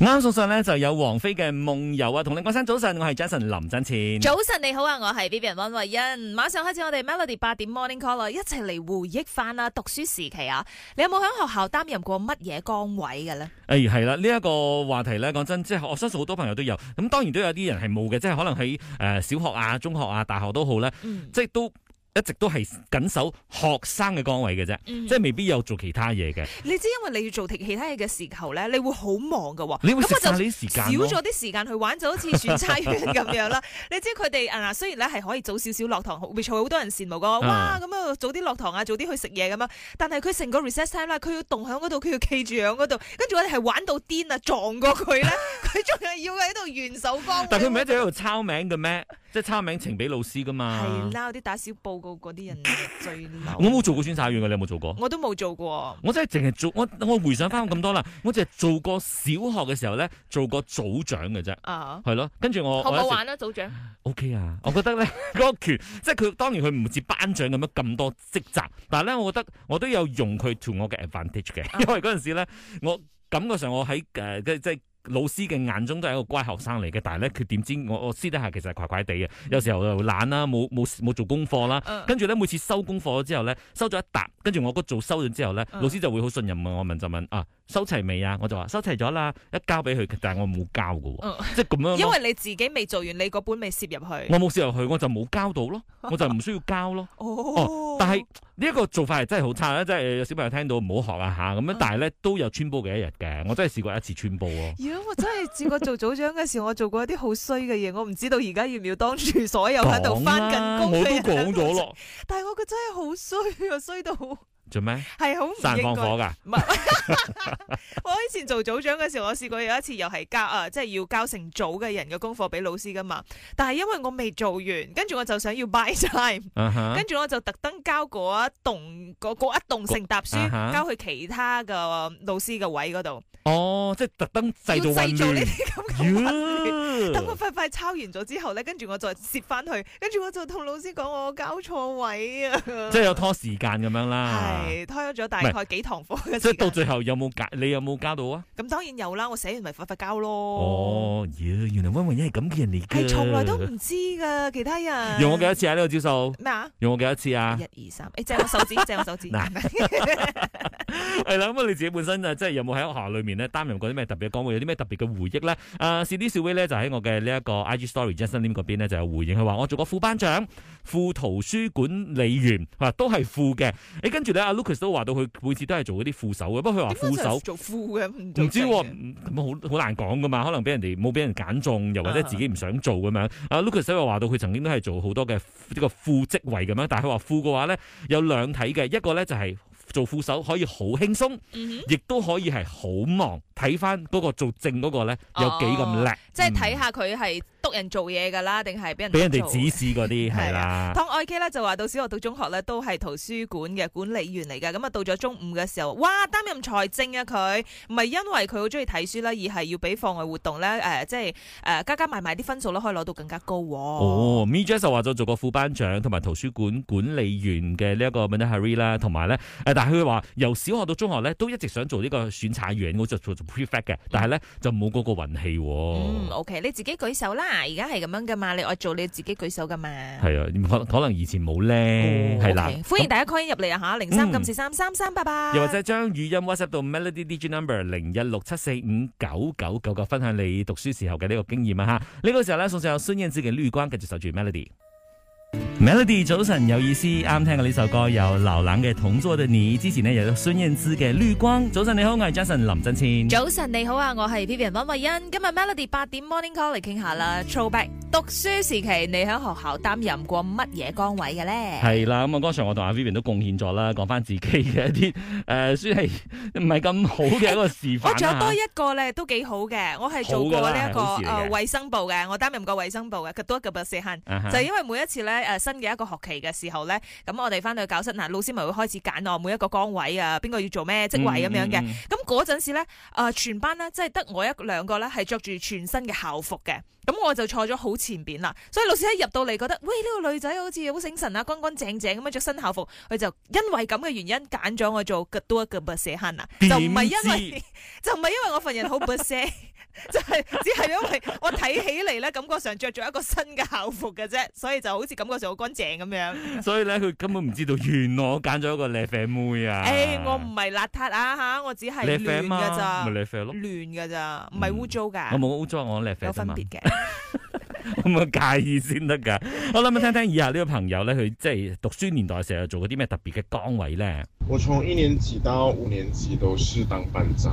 啱送上咧，就有王菲嘅夢遊啊！同你講聲早晨，我係 Jason 林振錢。早晨你好啊，我係 Vivian 溫慧欣。馬上開始我哋 Melody 八點 Morning Call 一齊嚟回憶翻啊，讀書時期啊！你有冇喺學校擔任過乜嘢崗位嘅咧？誒係啦，呢一個話題咧，講真即係我相信好多朋友都有。咁當然都有啲人係冇嘅，即係可能喺誒小學啊、中學啊、大學都好咧，嗯、即係都。一直都係緊守學生嘅崗位嘅啫，嗯、即係未必有做其他嘢嘅。你知因為你要做其他嘢嘅時候咧，你會好忙嘅、哦。你會我就少咗啲少咗啲時間、哦、去玩，就好似選差員咁樣啦。你知佢哋啊，雖然咧係可以早少少落堂，會坐好多人羨慕個、嗯、哇咁啊，早啲落堂啊，早啲去食嘢咁啊。但係佢成個 reset time 啦，佢要動響嗰度，佢要企住喺嗰度，跟住我哋係玩到癲啊，撞過佢咧，佢仲係要喺度原手崗。但佢唔係一直喺度抄名嘅咩？ 即係差名呈俾老師噶嘛？係啦，啲打小報告嗰啲人最叻。 我冇做過宣傳員噶，你有冇做過？我都冇做過。我真係淨係做我我回想翻咁多啦，我淨係做過小學嘅時候咧，做過組長嘅啫。啊、uh，係、huh. 咯，跟住我好好玩啦，組長。O、okay、K 啊，我覺得咧嗰 個權，即係佢當然佢唔似班長咁樣咁多職責，但係咧我覺得我都有用佢 to 我嘅 advantage 嘅，uh huh. 因為嗰陣時咧我感覺上我喺、誒、呃、即係即係。老師嘅眼中都係一個乖學生嚟嘅，但係咧佢點知我我私底下其實係怪怪地嘅，有時候又懶啦，冇冇冇做功課啦，跟住咧每次收功課之後咧，收咗一沓，跟住我哥，哥做收咗之後咧，老師就會好信任我，我問就問啊。收齊未啊？我就話收齊咗啦，一交俾佢，但係我冇交噶，嗯、即係咁樣。因為你自己未做完，你嗰本未攝入去。我冇攝入去，我就冇交到咯，我就唔需要交咯。哦哦、但係呢一個做法係真係好差啦，即係有小朋友聽到唔好學啦吓咁樣。但係咧、啊、都有穿煲嘅一日嘅，我真係試過一次穿煲喎。如果我真係試過做組長嘅時候， 我做過一啲好衰嘅嘢，我唔知道而家要唔要當住所有喺度翻緊工。我都講咗咯，但係我覺得真係好衰啊，衰到。做咩？係好唔應該。唔係不， 我以前做組長嘅時候，我試過有一次又係交誒、啊，即係要交成組嘅人嘅功課俾老師噶嘛。但係因為我未做完，跟住我就想要 buy time，跟住，uh huh. 我就特登交嗰一棟嗰一棟成沓書、uh huh. 交去其他嘅老師嘅位嗰度。哦，oh，即係特登製造呢啲混亂。Yeah. 等我快快抄完咗之後咧，跟住我再摺翻去，跟住我就同老師講我交錯位啊，即係有拖時間咁樣啦，係拖咗大概幾堂課嘅時間。即係到最後有冇交？你有冇交到啊？咁當然有啦，我寫完咪快快交咯。哦，oh, yeah, 原來溫文一係咁嘅人嚟嘅，係從來都唔知噶其他人。用我幾多次啊？呢、這個招數咩啊？用我幾多次啊？一二三，誒、欸，借我手指， 借我手指。係啦，咁你自己本身啊，即係有冇喺學校裏面咧擔任過啲咩特別嘅崗位？有啲咩特別嘅回憶咧？啊、呃，小啲小 V 咧就喺、是。我嘅呢一個 IG story Justin Lim 嗰邊咧就有回應，佢話我做過副班長、副圖書管理員，話都係副嘅。誒跟住咧，阿 Lucas 都話到佢每次都係做嗰啲副手嘅，不過佢話副手做副嘅，唔知咁好好難講噶嘛，可能俾人哋冇俾人揀中，又或者自己唔想做咁樣。阿、uh huh. Lucas 又話到佢曾經都係做好多嘅呢個副職位咁樣，但係佢話副嘅話咧有兩睇嘅，一個咧就係、是。做副手可以好輕鬆，亦都、嗯、哼可以係好忙，睇翻嗰個做正嗰個咧有幾咁叻，哦嗯、即係睇下佢係督人做嘢噶啦，定係俾人俾人哋指示嗰啲係啦。湯愛 K 咧就話到小學到中學咧都係圖書館嘅管理員嚟噶，咁啊到咗中五嘅時候，哇擔任財政啊，佢唔係因為佢好中意睇書啦，而係要俾課外活動咧誒，即係誒加加埋埋啲分數咧可以攞到更加高哦。哦 m i j a 就話咗做過副班長同埋圖書館管理員嘅呢一個 m n Harry 啦，同埋咧誒但。佢話由小學到中學咧，都一直想做呢個選察員，我就做做 prefect 嘅，但係咧就冇嗰個運氣。嗯，OK，你自己舉手啦，而家係咁樣噶嘛，你愛做你自己舉手噶嘛。係啊，可能以前冇咧，係啦。歡迎大家 call 入嚟啊嚇，零三、禁止三三三八八。又或者將語音 WhatsApp 到 Melody 的 number 零一六七四五九九九九，分享你讀書時候嘅呢個經驗啊嚇。呢個時候咧，送上孫燕姿嘅《綠光》，繼續守住 Melody。Melody 早晨有意思啱聽嘅呢首歌有流冷嘅同桌的你，之前咧有孫燕姿嘅綠光。早晨你好，我係 Jason 林振千。早晨你好啊，我係 Pipian 温慧欣。今日 Melody 八點 Morning Call 嚟傾下啦，抽 back。讀書時期，你喺學校擔任過乜嘢崗位嘅咧？係啦，咁啊，剛才我同阿 Vivian 都貢獻咗啦，講翻自己嘅一啲誒，算係唔係咁好嘅一個示範、欸、我仲有多一個咧，都幾好嘅。我係做過呢、這、一個誒衛、呃、生部嘅，我擔任過衛生部嘅。c 多一個四行，就是、因為每一次咧誒、呃、新嘅一個學期嘅時候咧，咁我哋翻到教室嗱，老師咪會開始揀我每一、呃、一個崗位啊，邊個要做咩職位咁樣嘅。咁嗰陣時咧，誒全班咧即係得我一兩個咧係着住全新嘅校服嘅。咁我就坐咗好前邊啦，所以老師一入到嚟覺得，喂呢個女仔好似好醒神啊，乾乾淨淨咁樣着新校服，佢就因為咁嘅原因揀咗我做多一個不設坑啊，就唔係因為，就唔係因為我份人好不設。S e 知 就係只係因為我睇起嚟咧，感覺上着咗一個新嘅校服嘅啫，所以就好似感覺上好乾淨咁樣。所以咧，佢根本唔知道原來我揀咗一個靚啡妹啊！誒、 哎，我唔係邋遢啊吓，我只係亂嘅咋，唔係靚啡咯，亂嘅咋，唔係污糟噶。我冇污糟，我靚啡有分別嘅，咁啊介意先得噶。我諗下聽聽以下呢個朋友咧，佢即係讀書年代成日做過啲咩特別嘅崗位咧。我從一年級到五年級都是當班長。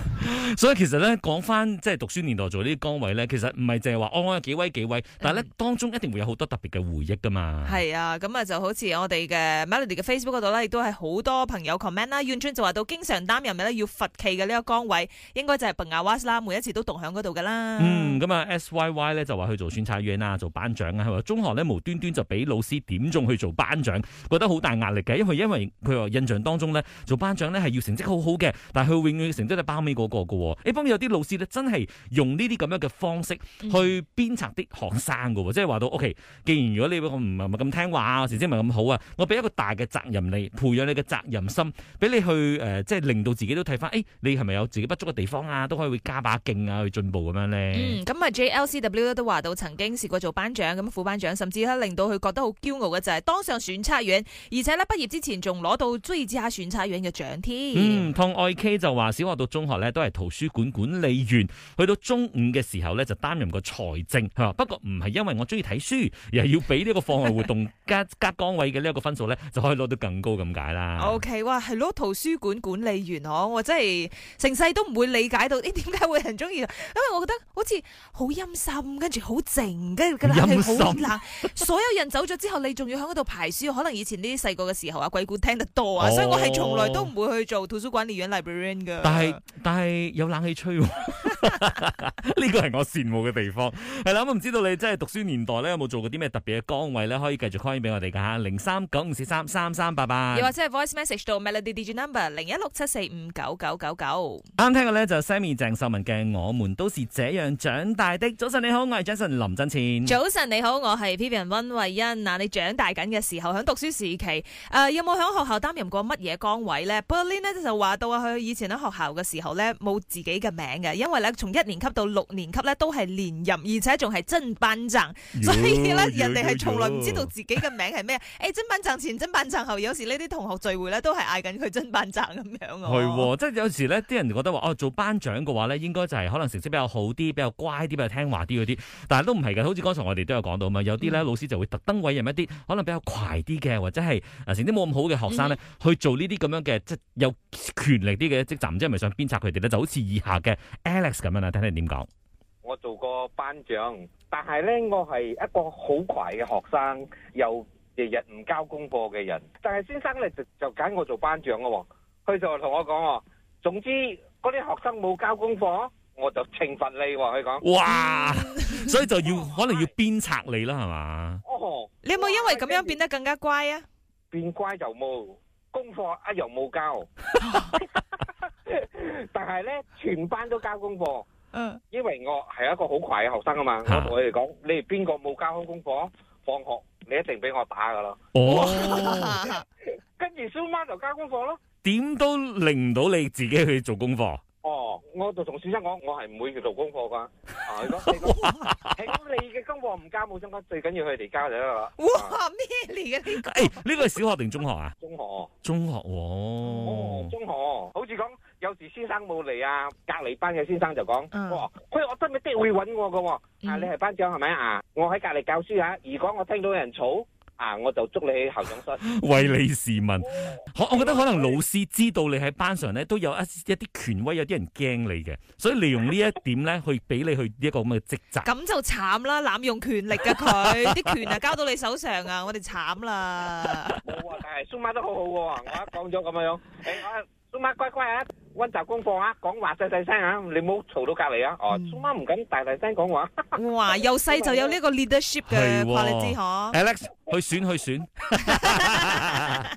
所以其實咧講翻即係讀書年代做呢啲崗位咧，其實唔係淨係話安安幾威幾威，但呢，但係咧當中一定會有好多特別嘅回憶噶嘛。係啊，咁啊就好似我哋嘅 Melody 嘅 Facebook 嗰度呢，亦都係好多朋友 comment 啦。Yun Chun 就話到經常擔任呢要罰企嘅呢個崗位，應該就係 Benya Was 啦，每一次都棟喺嗰度噶啦。嗯，咁啊 S Y Y 咧就話去做宣傳員啦，做班長啊，話中學咧無端端就俾老師點中去做班長，覺得好大壓力嘅，因為因為佢話印象當中咧做班長咧係要成績好好嘅，但佢永遠成績係包尾嗰個呢方面有啲老師咧，真係用呢啲咁樣嘅方式去鞭策啲學生嘅喎，即係話到，OK，既然如果你唔唔係咁聽話，甚至唔係咁好啊，我俾一個大嘅責任你，培養你嘅責任心，俾你去誒，即、呃、係、就是、令到自己都睇返，誒、欸，你係咪有自己不足嘅地方啊？都可以會加把勁啊，去進步咁樣咧。咁啊、嗯、JLCW 都話到曾經試過做班長、咁副班長，甚至咧令到佢覺得好驕傲嘅就係當上選察員，而且咧畢業之前仲攞到最次下選察員嘅獎添。嗯，同愛 K 就話小學到中學咧都係圖書館管理員，去到中午嘅時候咧，就擔任個財政吓。不過唔係因為我中意睇書，而係要俾呢個課外活動加 加崗位嘅呢一個分數咧，就可以攞到更高咁解啦。O、okay, K，哇，係咯，圖書館管理員，我真係成世都唔會理解到，咦、欸，點解會人中意？因為我覺得好似好陰森，跟住好靜，跟住好冷。所有人走咗之後，你仲要喺嗰度排書。可能以前啲細個嘅時候啊，鬼故聽得多啊，哦、所以我係從來都唔會去做圖書館管理員 librarian 但係但係。 有冷氣吹，呢個係我羨慕嘅地方、 嗯。係啦，我唔知道你真係讀書年代咧有冇做過啲咩特別嘅崗位咧？可以繼續 call 翻俾我哋㗎嚇。零三九五四三三三八八，又或者係 voice message 到 melody digit number 零一六七四五九九九九。啱聽嘅咧就是，Sammy 鄭秀文嘅《我們都是這樣長大的》。早晨你好，我係 Jason 林振前。早晨你好，我係 Vivian 溫慧欣。嗱，你長大緊嘅時候喺讀書時期，誒、呃、有冇喺學校擔任過乜嘢崗位咧？不過 Lin 咧就話到啊，佢以前喺學校嘅時候咧冇。自己嘅名嘅，因為咧從一年級到六年級咧都係連任，而且仲係真班長，所以咧人哋係從來唔知道自己嘅名係咩。誒、 哎、真班長前真班長後，有時呢啲同學聚會咧都係嗌緊佢真班長咁樣嘅。係、哦哦，即係有時咧啲人覺得話哦，做班長嘅話咧應該就係可能成績比較好啲、比較乖啲、比較聽話啲嗰啲，但係都唔係嘅。好似剛才我哋都有講到嘛，有啲咧、嗯、老師就會特登委任一啲可能比較乖啲嘅或者係成績冇咁好嘅學生咧去做呢啲咁樣嘅即有權力啲嘅職責，嗯、即係咪想鞭策佢哋咧？就好似。以下嘅 Alex 咁樣啊，聽你點講？我做過班長，但係咧，我係一個好怪嘅學生，又日日唔交功課嘅人。但係先生咧就就揀我做班長咯、哦。佢就同我講：，總之嗰啲學生冇交功課，我就懲罰你、哦。佢講：，哇！嗯、所以就要、哦、可能要鞭策你啦，係嘛？哦，吧你有冇因為咁樣變得更加乖啊？變乖就冇功課，啊又冇交。 但係咧，全班都交功課。嗯，因為我係一個好壞嘅學生啊嘛，我同佢哋講，你哋邊個冇交好功課？放學你一定俾我打噶啦。哦，跟住小翻就交功課咯。點都令唔到你自己去做功課？哦，我就同先生講，我係唔會去做功課噶。啊，你你嘅功課唔交冇相干，最緊要佢哋交就得啦。哇，咩嚟嘅呢？誒，呢個係小學定中學啊？中學，中學，哦，中學，好似講。有時先生冇嚟啊，隔離班嘅先生就講：，哇，佢我真係都會揾我噶，啊，你係班長係咪啊？我喺隔籬教書啊，而如果我聽到有人吵，啊，我就捉你去校長室，為你事民。我覺得可能老師知道你喺班上咧，都有一一啲權威，有啲人驚你嘅，所以利用呢一點咧，去俾你去一個咁嘅職責。咁就慘啦，濫用權力嘅佢，啲 權啊交到你手上啊，啊，我哋慘啦。冇啊，但係孫媽都好好嘅，我一講咗咁嘅樣，蘇媽乖乖啊，溫習功課啊，講話細細聲啊，你唔好嘈到隔籬啊。哦，蘇媽唔敢大大聲講話。哇，由細就有呢個 leadership 嘅，話你知嗬。Alex 去選去選。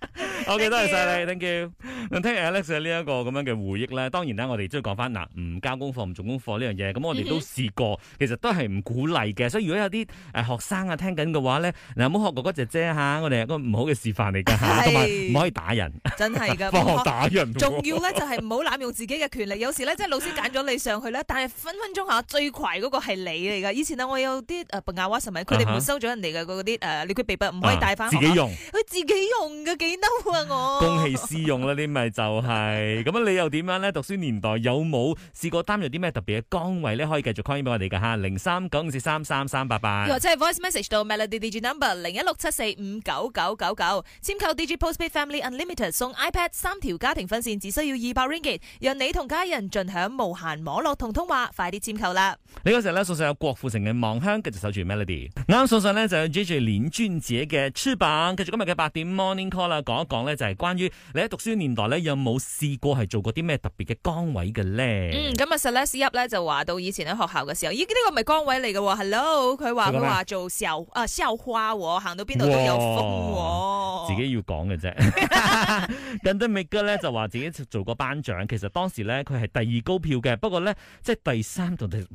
o 嘅，okay, 多謝晒你，thank you。咁聽 Alex 呢一個咁樣嘅回憶咧，當然啦，我哋都要講翻嗱，唔、嗯、交功課唔做功課呢樣嘢，咁我哋都試過，其實都係唔鼓勵嘅。所以如果有啲誒、呃、學生啊聽緊嘅話咧，嗱，唔好學哥哥姐姐吓、啊，我哋係個唔好嘅示範嚟噶吓，同埋唔可以打人，真係噶，唔好打人。仲要咧就係唔好濫用自己嘅權力，有時咧即係老師揀咗你上去咧，但係分分鐘吓、啊、最虧嗰個係你嚟噶。以前啊，我有啲誒筆啊、畫什麼，佢哋沒收咗人哋嘅嗰啲誒，你佢鼻筆唔可以帶翻自己用，佢自己用嘅幾嬲。公器私用啦，呢咪就係咁啊！你又點樣咧？讀書年代有冇試過擔任啲咩特別嘅崗位咧？可以繼續 call 翻俾我哋噶吓，零三九五四三三三八八，或者係 voice message 到 Melody Digi number 零一六七四五九九九九，簽購 Digi Postpaid Family Unlimited 送 iPad 三條家庭分線，只需要二百 ringgit，讓你同家人盡享無限網絡同通話，快啲簽購啦！呢個時候咧送上郭富城嘅《望鄉》，繼續守住 Melody。啱送上咧就係 J J 連尊者嘅出版，繼續今日嘅八點 Morning Call 啦，講一講。咧就係關於你喺讀書年代咧有冇試過係做過啲咩特別嘅崗位嘅咧？嗯，咁啊 Selassie Up 咧就話到以前喺學校嘅時候，咦呢個咪崗位嚟嘅？Hello，佢話佢話做校啊校花，行到邊度都有風，自己要講嘅啫。Indymig 咧就話自己做做過班長，其實當時咧佢係第二高票嘅，不過咧即係第三同第三。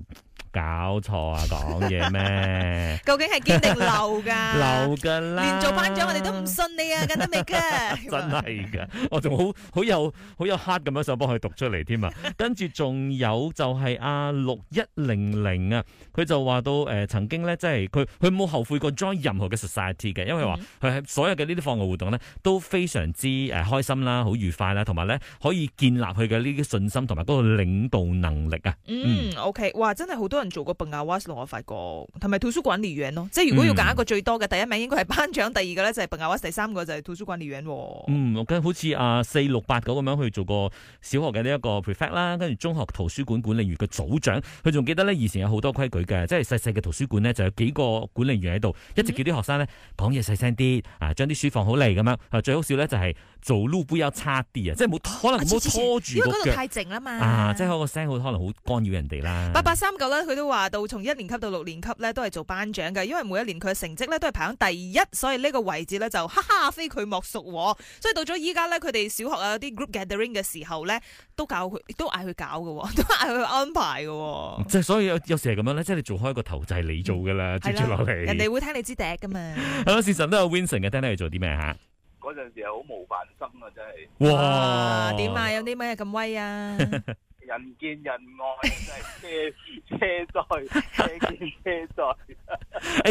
搞錯啊！講嘢咩？究竟係堅定流噶？流噶啦！連做班長我哋都唔信你啊！咁得你嘅？真係噶！我仲好好有好有 heart 咁樣想幫佢讀出嚟添啊！跟住仲有就係阿六一零零啊，佢就話到誒，曾經咧即係佢佢冇後悔過 join 任何嘅 society 嘅，因為話佢喺所有嘅呢啲課外活動咧都非常之誒開心啦，好愉快啦，同埋咧可以建立佢嘅呢啲信心同埋嗰個領導能力啊！嗯，OK，哇，真係好多。做過博雅瓦斯龍我法個，同埋圖書館管理員咯。即係如果要揀一個最多嘅，第一名應該係班長，第二個咧就係博雅瓦斯，第三個就係圖書館管理員。嗯，跟、嗯、好似啊四六八九咁樣去做過小學嘅呢一個 prefect 啦，跟住中學圖書館管理員嘅組長。佢仲記得呢以前有好多規矩嘅，即係細細嘅圖書館呢，就有幾個管理員喺度，一直叫啲學生呢講嘢細聲啲啊，將啲書放好嚟咁樣。啊，最好笑呢，就係、是、做 loop 差啲啊，即係冇可能冇拖住因為嗰度太靜啦嘛，即係個聲好可能好干擾人哋啦。八八三九咧。佢都話到從一年級到六年級咧，都係做班長嘅，因為每一年佢嘅成績咧都係排喺第一，所以呢個位置咧就哈哈非佢莫屬。所以到咗依家咧，佢哋小學啊啲 group gathering 嘅時候咧，都教佢，都嗌佢搞嘅、哦，都嗌佢安排嘅、哦。即係所以有時係咁樣咧，即係你做開個頭就係你做噶啦，嗯、接住落嚟。人哋會聽你支笛噶嘛？係咯，事實都有 Vincent 嘅，聽聽佢做啲咩吓？嗰陣時係好冇煩心啊，真係。哇！點啊，啊？有啲咩咁威啊？ 人見人愛，真係車車載車見車載。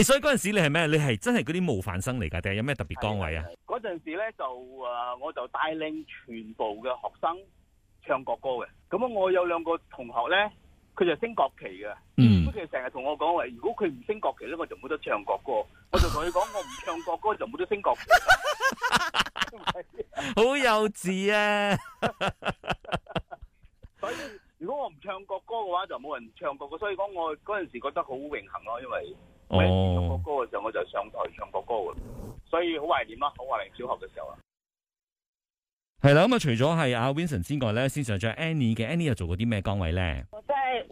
誒，所以嗰陣時你係咩？你係真係嗰啲模範生嚟噶？定係有咩特別崗位啊？嗰陣時咧就誒，我就帶領全部嘅學生唱國歌嘅。咁啊，我有兩個同學咧，佢就升國旗嘅。嗯，佢成日同我講，喂，如果佢唔升國旗咧，我就冇得唱國歌。我就同佢講，我唔唱國歌就冇得升國旗。好幼稚啊！所以如果我唔唱國歌嘅話，就冇人唱國歌，所以講我陣時覺得好榮幸咯，因為我唱國歌嘅時候，我就上台唱國歌嘅，所以好懷念啦，好懷念小學嘅時候啊。係啦，咁、嗯、啊，除咗係阿 Vincent 之外咧，先上仲有 Annie 嘅，Annie 又做過啲咩崗位咧？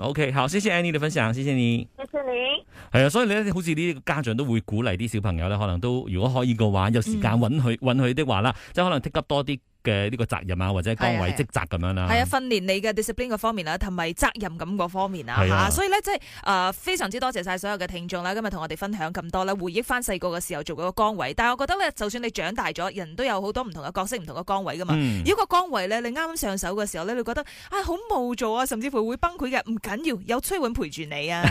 O.K.，好，謝謝 Annie 嘅分享，謝謝你，謝謝你。係啊，所以你咧，好似啲家長都會鼓勵啲小朋友咧，可能都如果可以嘅話，有時間允許允許的話啦，即係可能 take up 多啲。嘅呢個責任啊，或者崗位的職責咁樣啦、啊，係啊，訓練你嘅 discipline 個方面啦，同埋責任感個方面啊。面啊的所以咧即係誒非常之多謝晒所有嘅聽眾啦，今日同我哋分享咁多咧，回憶翻細個嘅時候做嗰個崗位，但係我覺得咧，就算你長大咗，人都有好多唔同嘅角色、唔同嘅崗位噶嘛。嗯、如果個崗位咧你啱啱上手嘅時候咧，你覺得啊好無助啊，甚至乎會崩潰嘅，唔緊要，有崔允陪住你啊。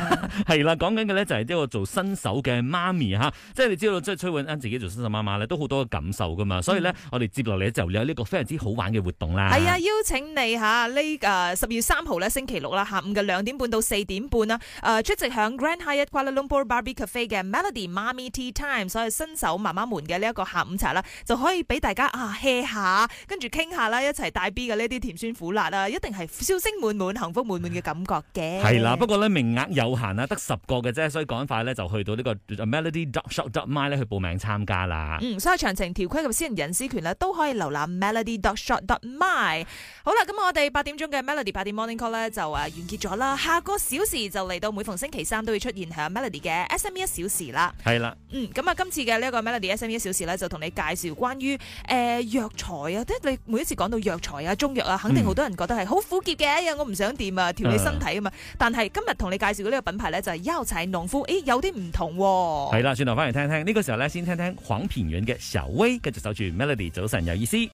係啦， 講緊嘅咧就係呢個做新手嘅媽咪嚇、啊，即係你知道即係崔允啱自己做新手媽媽咧，都好多嘅感受噶嘛，所以咧、嗯、我哋接落嚟就嚟呢、呢個。非常之好玩嘅活動啦，係啊，邀請你嚇呢，誒十月三號咧星期六啦，下午嘅兩點半到四點半啦，誒、啊、出席響 Grand Hyatt Kuala Lumpur Barbie Cafe 嘅 Melody Mommy Tea Time，所以新手媽媽們嘅呢一個下午茶啦，就可以俾大家啊 hea 下，跟住傾下啦，一齊帶 B 嘅呢啲甜酸苦辣啊，一定係笑聲滿滿、幸福滿滿嘅感覺嘅。係啦、 啊，不過呢名額有限啦，得十個嘅啫，所以趕快咧就去到呢個 Melody dot shop dot my 咧去報名參加啦。嗯，所有詳情條規及私人隱私權咧都可以瀏覽 shot my 好啦，咁我哋八點鐘嘅 Melody 八點 Morning Call 咧，就完結咗啦。下個小時就嚟到，每逢星期三都會出現響 Melody 嘅 S M e 一小時啦。係啦，嗯，咁啊，今次嘅呢個 Melody S M e 一小時咧，就同你介紹關於誒藥材啊，即係你每一次講到藥材啊、中藥啊，肯定好多人覺得係好苦澀嘅，我唔想掂啊，調理身體啊嘛。嗯、但係今日同你介紹嘅呢個品牌咧，就係優齊農夫，誒、哎、有啲唔同係、哦、啦，轉頭翻嚟聽聽呢，這個時候咧，先聽聽黃品源嘅小薇。繼續守住 Melody 早晨有意思。